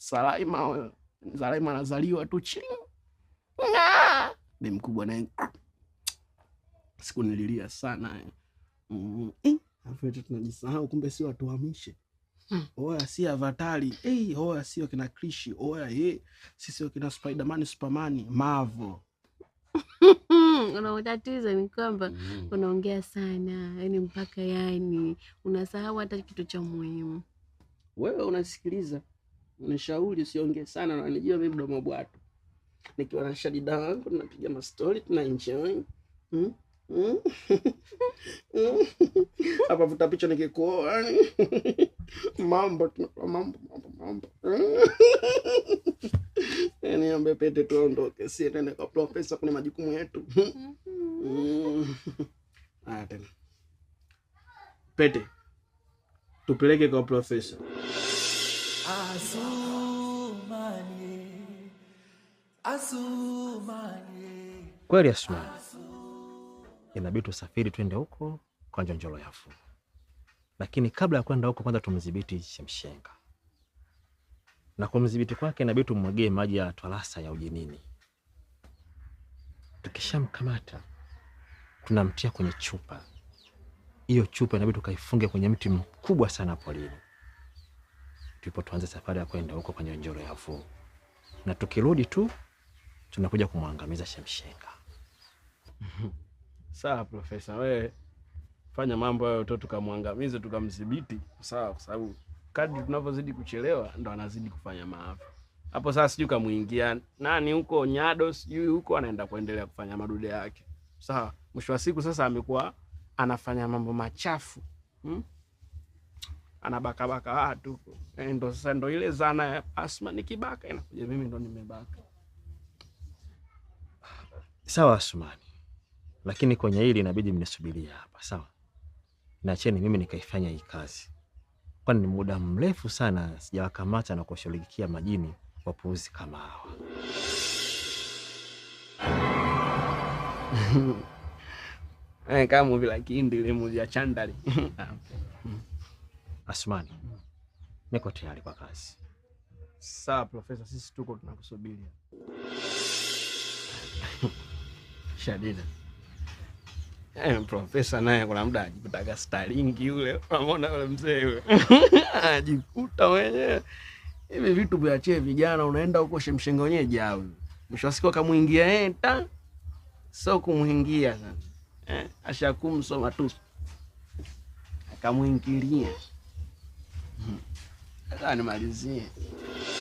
Salaima, Salaima anazaliwa tu chini. Ni mkubwa naye siku nililia sana mm. Mm-hmm. afu tunajisahau kumbe si watu wahamishe Hmm. Oya si Avatari hey, oya sio kina Krishi oya hey, si sio kina Spider-Man, Superman Marvel. tatizo ni kwamba mm. unaongea sana yani mpaka yani unasahau hata kitu cha muhimu. Wewe unasikiliza Nishauri usiongee sana na unijua mimi mdomo bwatu. Nikiwa na Shadida wangu tunapiga ma story, tuna enjoy. Mm. Hapa vuta picha nikikuoa. Mambo tunakuwa mambo mambo mambo. Yaani eh, ambe pete tuondoke, si tena kwa profesa kuna majukumu yetu. Mm. Ah, tena. Pete. Tupeleke kwa profesa. Ah, so. Kweli Asma, inabidi tusafiri twende huko kwa ya yafu, lakini kabla ya kwenda huko kwanza tumdhibiti Shemshenga, na kumdhibiti kwake inabidi tumwagie maji ya twalasa ya ujinini. Tukishamkamata tunamtia kwenye chupa hiyo. Chupa inabidi tukaifunge kwenye mti mkubwa sana polini, tupo tuanze safari ya kwenda huko kwa ya yafu, na tukirudi tu tunakuja kumwangamiza Shemshenga. Sawa profesa, we fanya mambo hayo tu tukamwangamize, tukamdhibiti, sawa, kwa sababu kadri tunavyozidi kuchelewa ndo anazidi kufanya maafa. Hapo sasa sijui kamuingia nani huko Nyado, sijui huko anaenda kuendelea kufanya madude yake. Sawa, mwisho wa siku sasa amekuwa anafanya mambo machafu hmm? Anabakabaka watu, eh, ndo sasa ndo ile zana ya Asma, nikibaka inakuja mimi ndo nimebaka. Sawa Asumani, lakini kwenye hili inabidi mnisubiria hapa sawa. Naacheni mimi nikaifanya hii kazi, kwani ni muda mrefu sana sijawakamata na kuwashughulikia majini wapuuzi kama hawa. Eh, kamvilakindilmujachandali Asumani, niko tayari kwa kazi. Sawa Profesa, sisi tuko tunakusubiri. Shadida. Eh, profesa naye kuna muda ajikutaga staringi yule, unamwona yule mzee yule ajikuta mwenyewe hivi vitu viachie vijana, unaenda huko shemshenga wenyewe jawi, mwisho wa siku akamwingia yeye ta, sio kumwingia sana eh, ashakumsoma tu akamwingilia, hmm. nimalizie